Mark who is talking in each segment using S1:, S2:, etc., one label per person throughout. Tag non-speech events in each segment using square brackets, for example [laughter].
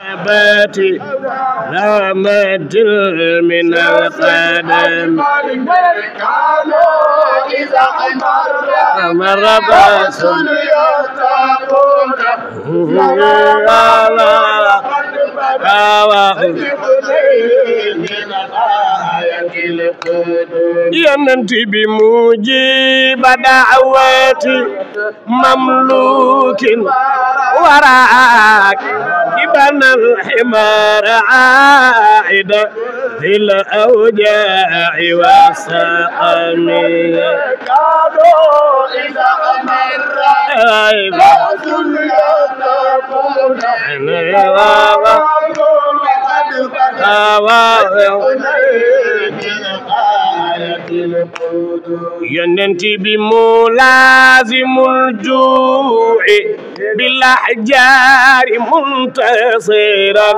S1: Abati na madumi na kadam maraba sunyata kunda la la la yonent bi mujiba daawati mamlukin waraak kibanal himar aida dil awjaa'i wasaani kado ida amarra Wow, wow, you. يننتي بملازم الجوع بالأحجار منتصرا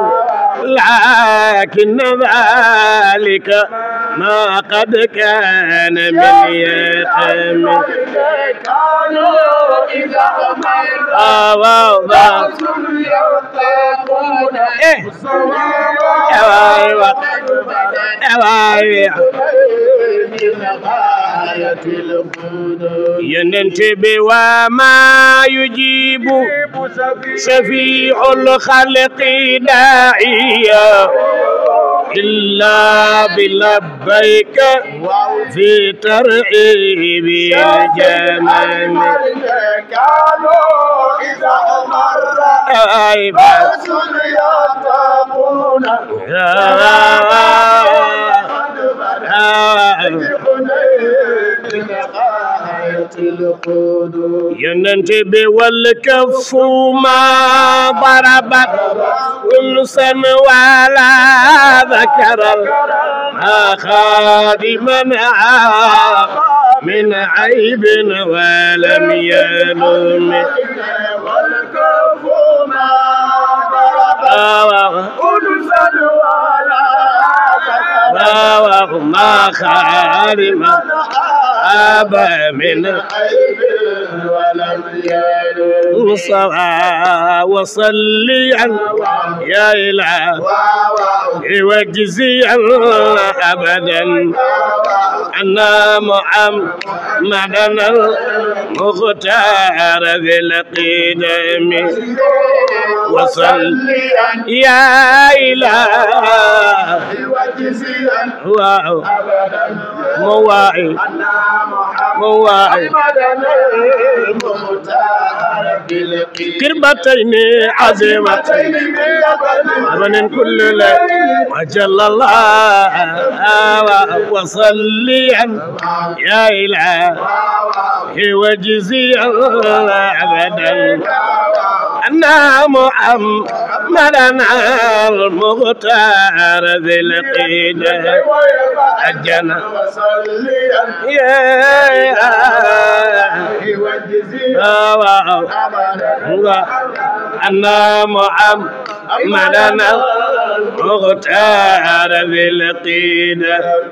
S1: لكن ذلك ما قد كان من يقم ايوه ايوه يننت بوا ما يجيب شفيع الخلق داعيا إلا بلبيك في ترعيب الجمال كانوا إذا مر الرسل يا قد بدأ yonent bi wal kafuma barabat kullu san wala dhakaral ma khadiman من عيب ولم يلوم والكف ما ضرب أنسا ولا ما خالما خاب من عيب ولم يلد وصلي يا إله عن أبدا أنا محمد المختار ذي القدم وصل يا إله Who are you? كربتين عظيمتين من كل وجل الله وصليا يا إلهي وجزيا أبدا أن محمدا المختار ذي القيد أجنا يا أن محمدا مختار بالقيد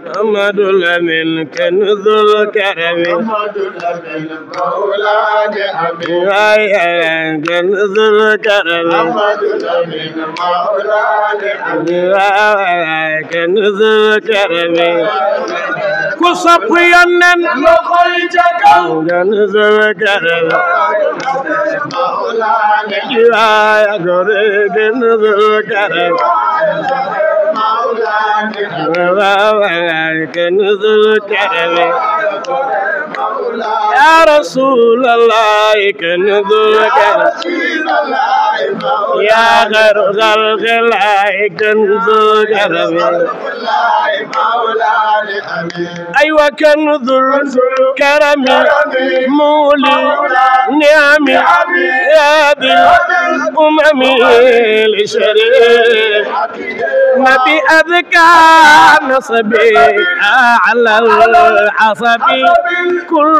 S1: محمد الأمين كنز الكرم محمد الأمين مولانا أمين كنز الكرم محمد الأمين مولانا أمين كنز الكرم كصبيان لخيتك كنز الكرم مولانا يا غريب كنز الكرم I Maulana, Maulana, Maulana, Maulana, Maulana, Maulana, Maulana, يا رسول الله كنذلك يا غير خلق الله كنذلك أيوة كنذ الكرم مولي نعمي يا ذي الأمم الشريف نبي أذكى نصبي أعلى العصبي كل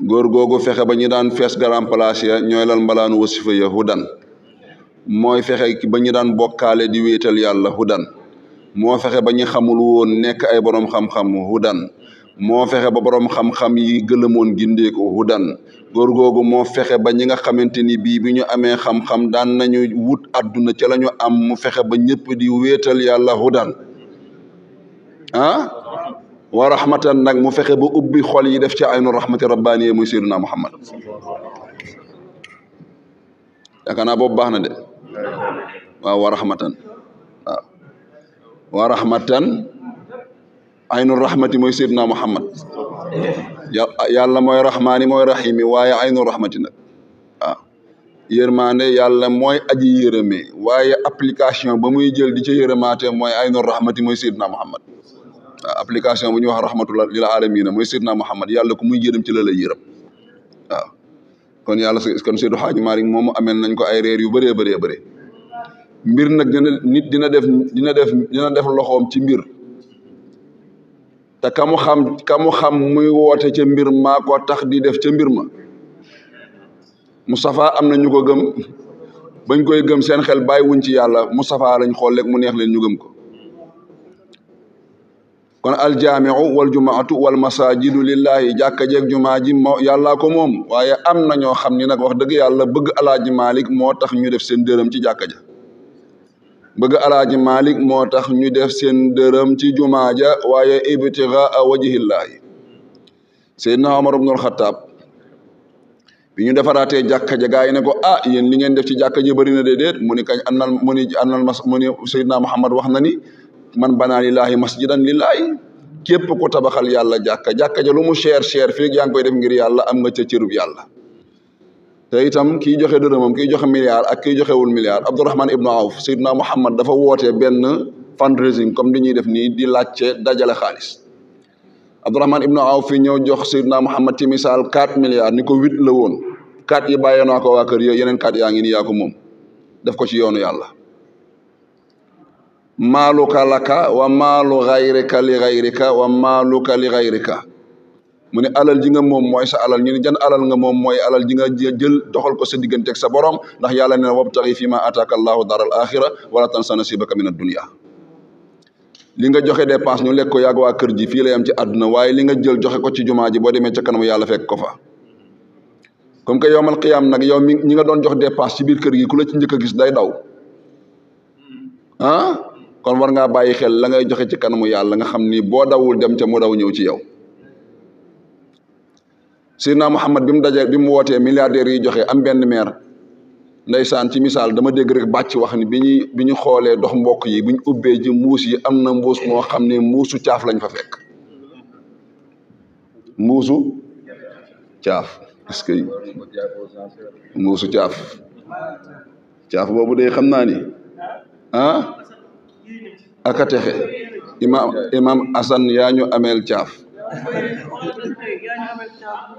S2: gor googu fexé ba ñu daan fess grand place ya ñoy lan mbalaanu wasifa yahudan hudan fexé ba ñu daan bokalé di wétal yalla hudan mo fexé ba ñu xamul woon nek ay borom xam-xam hudan mo fexé ba borom xam-xam yi gindé ko hudan gor googu mo fexé ba ñi nga xamanteni ni bi ñu amé xam-xam daan nañu wut aduna ci lañu am mu fexé ba ñepp di wétal yalla hudan ah wa rahmatan nak mu fexé bu ubbi xol yi def ci aynu rahmati rabbani moy muhammad yaakaar naa boobu de wa wa rahmatan wa rahmatan aynu rahmati moy seyduna muhammad
S1: allah
S2: ya, moy rahmani moy rahimi waaye aynu rahmati yermane waaw yërmaande yàlla aji yereme waye application bamuy jël di ci yeremate moy aynu rahmati moy muhammad application bu ñu wax rahmatul lil alamin moy sirna muhammad yalla ko muy jëdum ci la la yërem waaw kon yalla kon seydou hadji mari mom amel nañ ko ay reer yu bëré bëré bëré mbir nak dina nit dina def dina def dina def loxom ci mbir ta kamu xam kamu xam muy wote ci mbir ma ko tax di def ci mbir ma mustafa amna ñu ko gëm bañ koy gëm seen xel bayiwuñ ci yalla mustafa lañ xol lek mu neex leen ñu gëm ko kon aljaamiu wal jumaatu wal masajidu lillahi jàkka jeeg jumaa ji moo yàllaa ko moom waaye am na ñoo xam ni nag wax dëgg yàlla bëgg alaaji malik moo tax ñu def seen dërëm ci jàkka ja bëgg alaaji malik moo tax ñu def seen dërëm ci jumaa ja waaye ibtigaa wajhillahi seydna omar xataab bi ñu defaraatee jàkka ja gaa yi ne ko ah yéen li ngeen def ci jàkka ja bëri na déedéet mu ni kañ annal mu ni ni seydna muhammad wax na man banaa lillahi masjidan lillahi kep ko tabaxal yalla jakka jakka ja lu mu cher cher fi yang koy def ngir yalla am nga ci cërub yalla te itam ki joxe deureumam ki joxe milliard ak joxe wul milliard Abdourahman ibnu Auf, sayyidna Muhammad dafa wote ben fundraising comme ni def ni di laajte dajala khalis Abdourahman ibnu Auf, fi ñew jox sayyidna Muhammad ti misal 4 milliards niko 8 huit 4 yi bàyyee wa keur yeneen 4 yaangi ni nii yaa ko moom def ko ci yoonu yalla maluka laka wa malu ghayrika li ghayrika wa maluka li ghayrika mune alal ji nga mom moy sa alal ñu ne jan alal nga mom moy alal ji nga jël doxal ko sa ak sa borom ndax yalla ne wabtaghi fi ma ataaka allahu dar al axira wala tansa nasibaka min ad-dunya li nga joxe dépasse ñu lek ko yag wa kër ji fi la yam ci aduna waye li nga jël joxe ko ci jumaa ji bo démé ci kanam yalla fekk ko fa comme que yowmal qiyam nak yow mi ñi nga doon jox dépasse ci bir kër gi kula ci ñëk gis day daw ah kon war ngaa bàyyi xel la ngay joxe ci kanamu yàlla langa xam ni boo dawul dem ca mu daw ñëw ci yow na Muhammad bi mu dajee bi mu wootee milliardaires yi joxe am benn maire ndeysaan ci misaal dama dégg rek bàcc wax ni bi bi ñu xoolee dox mbokk yi bi ñu ubbee ji mbuus yi am na mbuus moo xam ne mbuusu caaf lañ fa fekk mbuusu caaf est-ce que mbuusu caaf boobu de xam naa ni ah aka texe imaam imaam Asan yaa ñu ameel caaf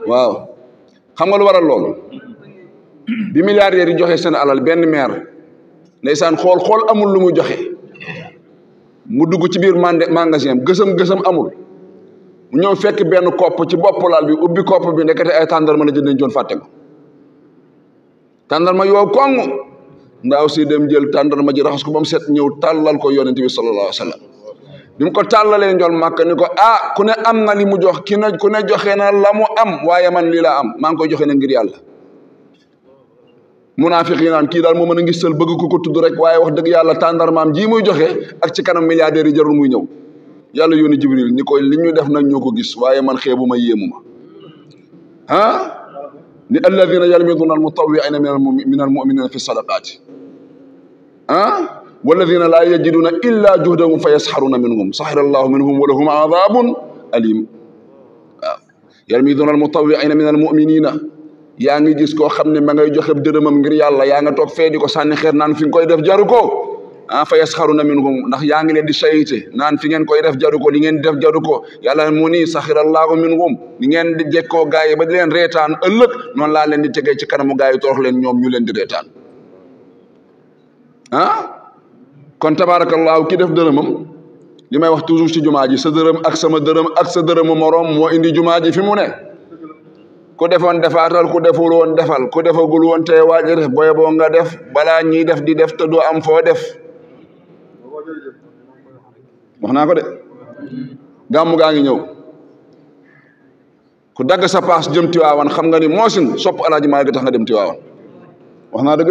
S2: waaw xam nga lu waral loolu bi milliardaires yi joxe seen alal benn maire ndeysaan xool xool amul lu mu joxe mu dugg ci biir mande magasin gësëm gësëm amul mu ñëw fekk benn kopp ci bopp laal bi ubbi kopp bi nekkate ay tàndarma la jënd joon fàtte ko yow koŋŋ ndaw si dem jël tandar ji raxas ko bam set ñew talal ko yonent ya, bi sallallahu alaihi wasallam bim ko talale ndol makka niko ah ku ne am na limu jox ki ne ku ne joxe na lamu am waye man lila am mang ko joxe na ngir yalla munafiqin yi ki dal mo meuna mën beug ko ko tuddu rek waye wax yalla tandar maam ji muy joxe eh? ak ci kanam milliardaire jarul muy ñew yalla yoni jibril niko li ñu def nak ñoko gis waye man xebuma yemuma ha ni alladhina yalmiduna almutawiina min al-mu'minina fi sadaqati ah walladina laa yajiduna illa juhdahum fa yasxaruna minhum saxira allahu minhum wa a adabun alim waaw yarmiduna almutawiina min almuminina yaa ngi gis koo xam ne ma ngay joxe dërëmam ngir yàlla yaa nga toog fee di ko sànni xeer naan fi nga koy def jaru ko ah fa yasxaruna minhum ndax yaa ngi leen di sayite naan fi ngeen koy def jaru ko li ngeen di def jaru ko yàlla mu ni saxira allahu minhum li ngeen di jekkoo gaay yi ba leen reetaan ëllëg noonu laa leen di tegee ci kanamu gaay yi torox leen ñoom ñu leen di reetaan ah kon tabaarakallaahu ki def dërëmam li may wax toujours ci jumaa ji sa dërëm ak sama dërëm ak sa dërëmu moroom moo indi jumaa ji fi mu ne ku defoon defaatal ku deful woon defal ku defagul woon tey waaji def boo nga def balaa ñuy def di def te doo am foo def wax naa ko de gàmmu gaa ngi ñëw ku dagg sa paas jëm Tiwaawan xam nga ni moosin sopp alaaji maa ngi nga dem Tiwaawan wax naa de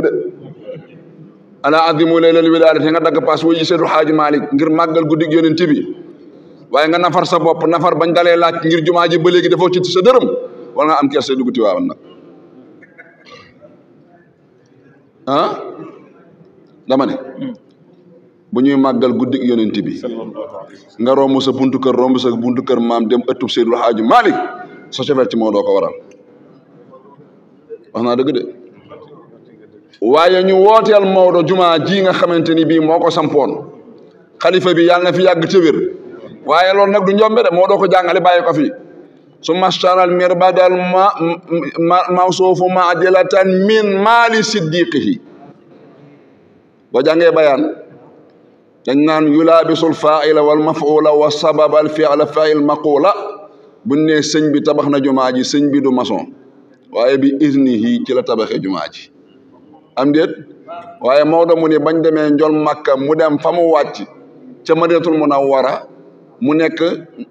S2: ala azimu laylal wilaadati nga dagg paas wuyu seetu xaaji Malick ngir màggal guddig yonent bi waaye nga nafar sa bopp nafar bañ dalee laaj ngir jumaa ji ba léegi dafoo ci sa dërëm wala nga am kersa dugg Tiwaawan nag ah bu ñuy màggal guddig yonent bi nga romb sa buntu kër romb sa buntu maam dem ëttub seydul xaaji Malick sa cofeer ci moo doo ko waral wax naa dëgg de waaye ñu wooteel Maodo jumaa ji nga xamante ni bii moo ko sampoon xalifa bi yàlla na fi yàgg ci wér waaye loolu nag du njombe de Maodo ko jàngale bàyyi ko fi su mastaral mir badal ma ma mawsuufu maajilatan min maali siddiqihi boo jàngee bayaan dañ naan yulaabisul faila wal mafuula wa sababal fiala fail maquula buñ ne sëñ bi tabax na jumaa ji sëñ bi du maçon waaye bi iznihi ci la tabaxee jumaa ji am déet waaye Maodo mu ni bañ demee njol Makka mu dem fa mu wàcc ca Madinatul Munawwara mu nekk mir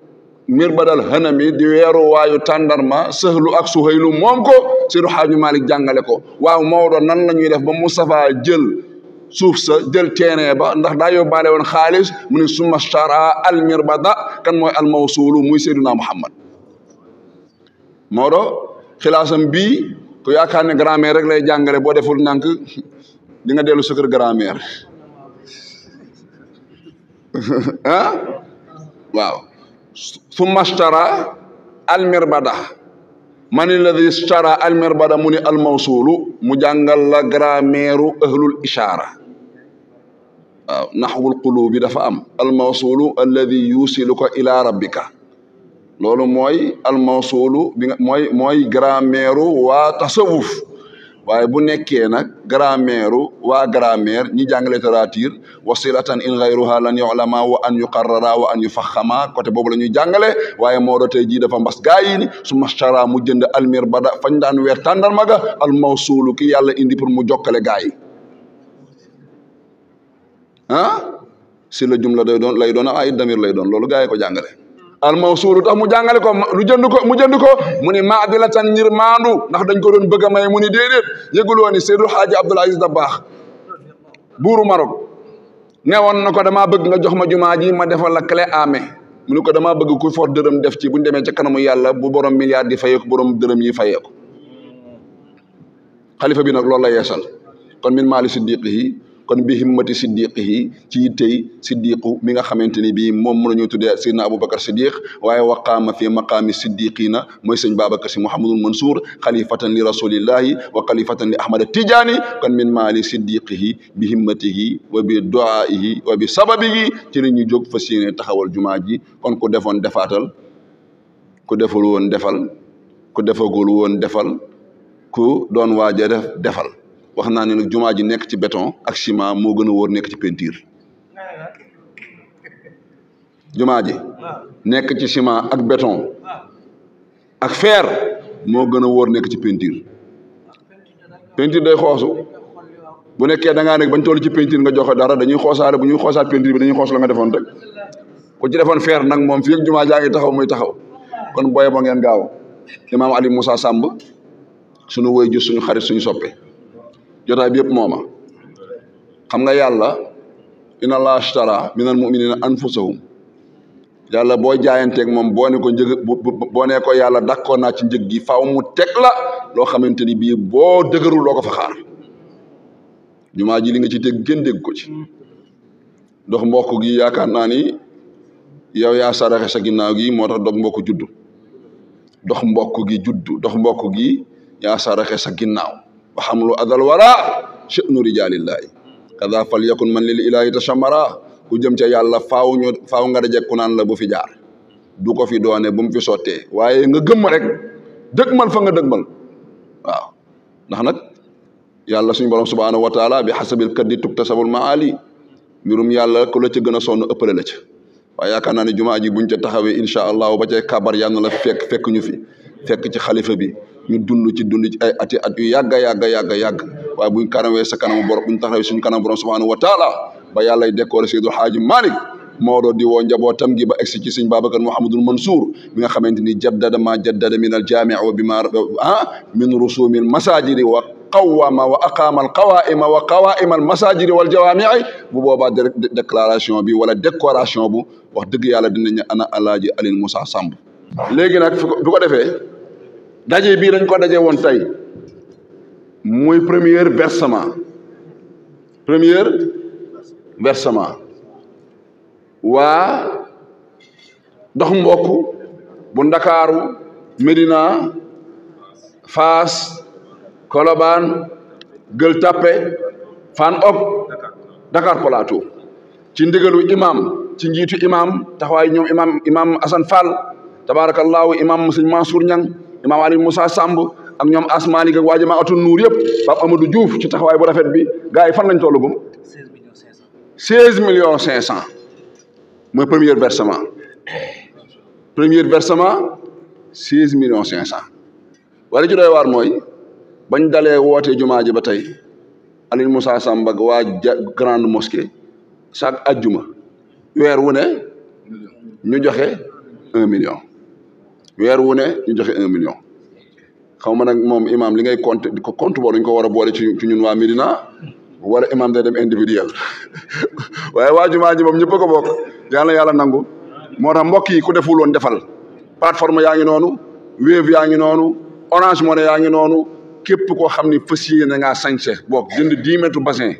S2: mirbadal hanami di weeru waayu tàndarma sëhlu ak suhaylu moom ko Seydi Haaji Malick jàngale ko waaw Maodo nan la ñuy def ba mu Moustapha jël suuf sa jël teene ba ndax daa yóbbaale woon xaalis mu ne summa stara al mirbada kan mooy al mawsuulu muy Seydina Muhammad Maodo xilaasam bii ku yaakaar ne grammaire rek lay jàngale boo deful ndànk di nga dellu sa kër grammaire ah [laughs] waaw summa stara almirbada man alladi stara almirbada mu ni almawsuulu mu jàngal la grammaire u ahlul waaw naxwul qulubi dafa am almawsuulu alladi yusiluka ila rabbika loolu moy al bi nga moy mooy grammaire wa tasawuf waye bu nekké nak grammaire wa grammaire ni jang littérature wasilatan in ghayruha lan yu'lama wa an yuqarrara wa an yufaxama côté bobu lañuy jangalé waye mo do tay ji dafa mbass gaay ni su mashara mu jënd almir bada fañ daan wër tandarma ga almawsuulu ki yalla indi pour mu jokalé gaay yi si la jumla day don lay don ay damir lay don lolu gaay ko jangalé almawsuulu tax mu jàngale ko lu jënd ko mu jënd ko mu ni maadilatan ngir maandu ndax dañ ko doon bëgg a may mu ni déedéet yëguloo ni Seydul Xaaji Abdul Aziz Dabaax buuru Marok newoon na ko damaa bëgg nga jox ma jumaa ji ma defal la clé mu ni ko damaa bëgg ku for dërëm def ci buñu demee ca kanamu yàlla bu borom milliard di fayee ko borom dërëm yi fayee xalifa bi nag loolu la kon min maali siddiqihi kon bi himmati siddiqihi ci yitey siddiqu mi nga xamanteni ni mom mënu ñu tuddé tuddee seydna aboubacar siddiq waaye waqaama fi maqami siddiqina moy sayyid babakar si mouhamadul mansur khalifatan li rasulillah wa khalifatan li ahmad tijani kon min maali siddiqihi bi himmatihi wa bi duaihi wa bi sababihi ci ñu jog fasiyene taxawal jumaa ji kon ko defon defatal ku deful won defal ku defagul won defal ku don waaja def defal wax naa ne nag jumaa ji nek ci béton ak ciment mo gëna wor nek ci peinture juma ji nek ci ciment ak béton ak fer mo gëna wor nek ci peinture peinture day xoosu bu nekké da nga nek bañ tollu ci peinture nga joxe dara dañuy xoosaale bu ñuy xoosaat peinture bi dañuy xoos la nga defon rek ko ci defon fer nak mom fi ak juma ja nga taxaw muy taxaw kon boye bo ngeen gaaw imam Ali musa Samb suñu woy ju suñu xarit suñu soppe jotaay bi yëpp mooma xam nga yàlla inna allaha ashtara minal mu'minina anfusahum yàlla boo jaayanteeg moom boo ne ko boo ne yàlla d'accord naa ci njëg gi faaw mu teg la loo xamante ni bii boo dëgërul ko fa xaar jumaa ji li nga ci dégg gën dégg ko ci dox mbokk gi yaakaar naa ni yow yaa saraxe sa ginnaaw gi moo tax dox mbokk juddu dox mbokk gi juddu dox mbokk gi yaa saraxe sa ginnaaw xamlu adal wara chënu rijalillaahi kada fal yakun man lil ilaahi tashamara ku jëm ca yàlla faw ñu faaw nga dajekku naan la bu fi jaar du ko fi doone bu mu fi sottee waaye nga gëmm rek mal fa nga dëgmal waaw ndax nag yàlla suñu borom subhaanahu wa taala bi xasabil kaddi tuktasabul maali mbirum yàlla ku la ca gën a sonn ëppale la ca waaye yaakaar naa ne jumaa ji buñ ca taxawee incha allah ba cay kabar yàlla na la fekk ñu fi fekk ci xalifa bi ñu dund ci dund ci ay ati at yu yàgga yàgga yàgga yàgg waaye buñ kanamee sa kanamu borom buñ taxawee suñ kanam borom subhanahu wa taala ba yàllay décoré Seydou Hadji Malick Maodo di woo njabootam gi ba egsi ci sëñ Babacar Mouhamadul Mansour mi nga xamante ni jaddada ma jaddada min al jaamia wa bima ah min rusumil masajidi wa qawama wa aqama al qawaima wa qawaima al masajidi wal bu boobaa déclaration bi wala décoration bu wax dëgg yàlla dinañu ana alaaji Alioune Moussa Samb léegi nag bi ko daje bii dañ ko daje woon tey muy premier versement premier versement waa dox mbokk bu ndakaaru Médina Faas Colobane Gueule Tapée Fann Ok Dakar Plateau ci ndigalu imam ci njiitu imam taxawaay ñoom imam imam Assane Fall tabarakallahu imam Sëñ Mansour imaam Ali Moussa Samb ak ñoom Asmani ak waa jamaa atul nuur yëpp Pape Amadou Diouf ci taxawaay bu rafet bi gars yi fan lañ tollagum. 16 millions 500. 16 millions 500 mooy premier versement premier versement 16 millions 500 wala ci doy waar mooy bañ dalee woote jumaa ji ba tey Aliou Moussa Samb ak waa grande mosquée chaque ajjuma weer wu ne ñu joxe un million. weer wu ñu joxe un million xaw ma nag moom imaam li ngay compte ko compte boobu ko war a boole ci ñun waa na wala imaam day dem individuel [laughs] waaye waa jumaa ji moom ñëpp a ko bokk yàlla yàlla nangu moo tax mbokk yi ku deful woon defal plateforme yaa ngi noonu Wave yaa ngi noonu Orange Money yaa ngi noonu képp koo xam ni fas yéene na ngaa sañse bokk jënd dix mètres bassin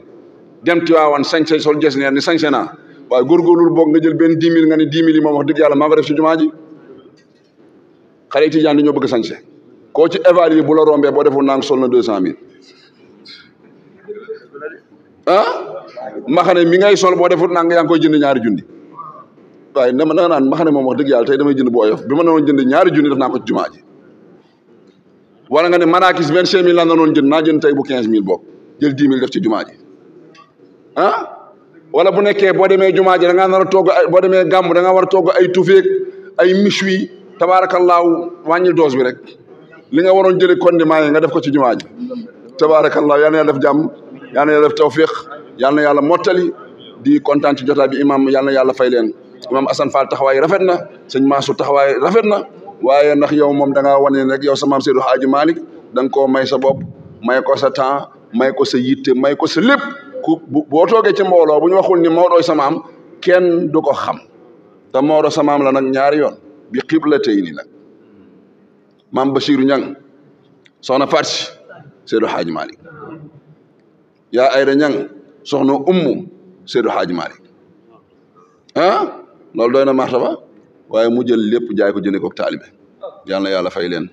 S2: dem Tiwaawan sañse sol jes neer ni sañse naa waaye góorgóorlu boog nga jël benn dix nga ni xale étudiant dañoo bëgg sañse ko ci évaluer bu la rombé bo defu nang solna 200000 ah maxane mi ngay sol bo defu nang yang koy jënd ñaari jundi way dama na nga naan maxane moom wax dëgg yalla tay dama jënd bo yof bima ma noon jënd ñaari jundi def na ko juma ji wala nga ne manakis 25000 la mille jënd na jënd tay bu 15000 bok jël 10000 def ci juma ji ah wala bu nekké bo démé juma ji da nga na a togg ay boo demee da nga wara togg ay tufeeg ay mishwi tabaarakallaahu wàññil doos bi rek li nga waroon jëli condiment yi nga def ko ci jumaa ji tabaarakallaahu yal na yàlla def jàmm yal na yàlla def tawfiq yal na yàlla mottali di kontaan ci jotaay bi imaam yal na yàlla fay leen imaam Assane Fall taxawaay rafet na sëñ Mansour taxawaay rafet na waaye ndax yow moom da ngaa wane rek yow sa maam Seydou Hadji Malick da nga koo may sa bopp may ko sa temps may ko sa yitte may ko sa lépp ku boo toogee ci mbooloo bu ñu waxul ni Maodo sa kenn du ko xam te Maodo sa la nag ñaari yoon bi qiblatayni la mam Bachir Ñang soxna Faat Seydou haji malik, ya ayra Ñang soxna Ummu Seydou haji malik, ah lol doyna martaba waye mu jël lepp jaay ko jëndee ko taalibe yalla yalla fay len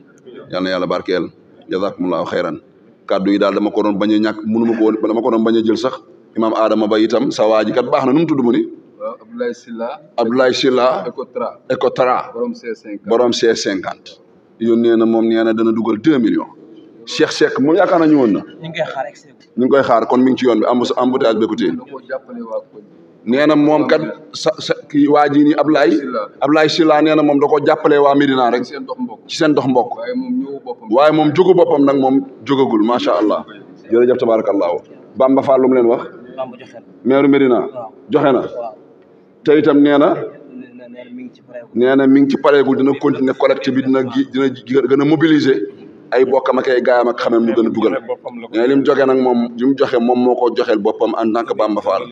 S2: yalla yalla barkel jazakumullahu khairan kaddu yi dal dama ko don bañe ñak munu mënuma ko dama ko don bañe sax imam Adama itam kat baxna num tuddu mo ni Abdoulaye Sylla Abdoulaye Sylla Ecotra Ecotra borom C50 borom C50 yónnee na moom nee na dana dugal deux millions Cheikh Seck moom yaakaar nañu woon na ñu ngi koy xaar ñu ngi koy xaar kon mi ngi ci yoon bi am embouteillage beku téye nee na moom kat sa sa kii waa jii nii Ablaye Ablaye Sylla nee na moom rek ci seen dox mbokk waaye moom jógu boppam nag moom jógagul macha allah jërëjëf tabarakallahu Bamba Fall lu mu leen wax maire Médina joxe na te itam nee na nee na mi ngi ci pareegul dina continuer collecte bi dina dina gën a mobiliser ay bokkam ak ay gaayam ak xamee mu gën a dugal mais li mu joxe nag moom li mu joxe moom moo ko joxeel boppam en tant que Bamba Fall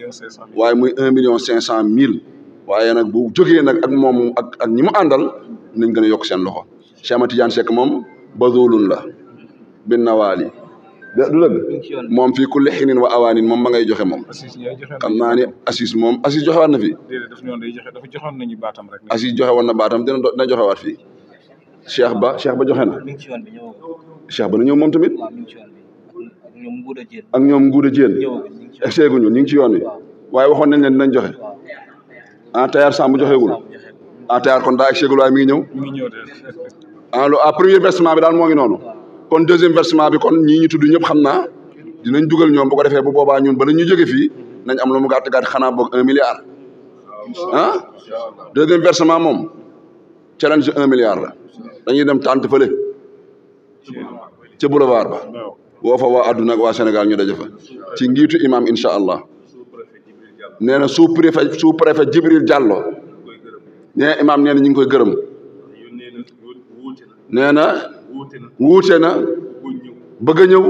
S2: waaye muy un million cinq cent mille waaye nag bu jógee nag ak moom ak ak ñi mu àndal nañ gën a yokk seen loxo Cheikh Tidiane Seck moom bazoolun la bin nawaali du moom fii ku lexinin wa awaanin moom ma ngay joxe moom xam naa ne assis moom assis joxe waat na fi assis joxe woon na baatam dina dina joxe waat fii cheikh ba cheikh ba joxe na cheikh ba na ñëw moom tamit ak ñoom nguuda jén ak seeguñu ñu ngi ci yoon wi waaye waxoon nañ leen dinañ joxe en ah, tayaar sambu joxeegul en ah, tayaar kon daa ak seegul waaye mi ngi ñëw en [laughs] ah, lu à premier versement bi daal moo ngi noonu kon deuxième versement bi kon ñii ñu tuddu ñëpp xam naa dinañ jugal ñoom bu ko defee bu boobaa ñun ba la ñu jóge fii nañ am lu mu gàtt gàtt xanaa boog un milliard ah moom challenge un milliard la dañuy dem tànt fële ca boulevard ba woo fa waa àdduna ak waa Sénégal ñu daje fa ci ngiitu imam incha allah nee na sous préfet sous préfet Jibril Diallo nee imam nee na ñu ngi koy gërëm nee wuute na a ñëw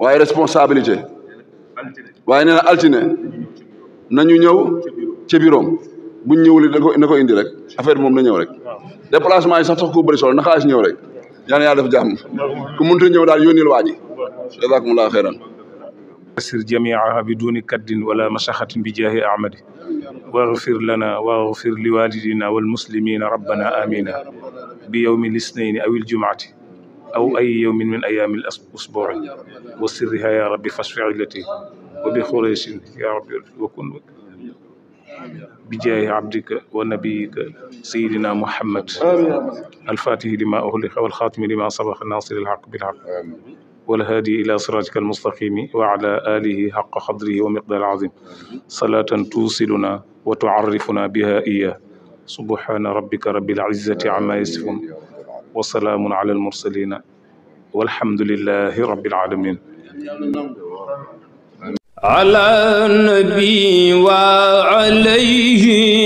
S2: waaye responsabilité waaye nee na altine nañu ñëw ci biroom buñ ñëwuli da ko na ko indi rek affaire moom na ñëw rek déplacement yi sax tax ko bëri na xaalis ñëw rek yaa yàlla def jàmm ku mënta ñëw daal yónnil waa ji jazakumullahu xeyran asir jamiaha bi duni kaddin wala masaxatin bi jaahi ahmadi waxfir lana waxfir liwalidina walmuslimina rabbana amina بيوم الاثنين أو الجمعة أو أي يوم من أيام الأسبوع وسرها يا رب فاشف علتي وبخريش يا رب وكن بجاه عبدك ونبيك سيدنا محمد الفاتح لما أهلك والخاتم لما سبق الناصر الحق بالحق والهادي إلى صراطك المستقيم وعلى آله حق قدره ومقدار العظيم صلاة توصلنا وتعرفنا بها إياه سبحان ربك رب العزة عما يصفون وسلام على المرسلين والحمد لله رب العالمين على النبي وعليه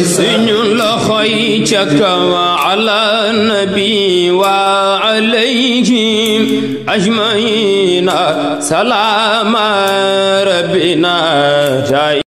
S2: سن لخي شك وعلى النبي وعليهم أجمعين سلام ربنا جاي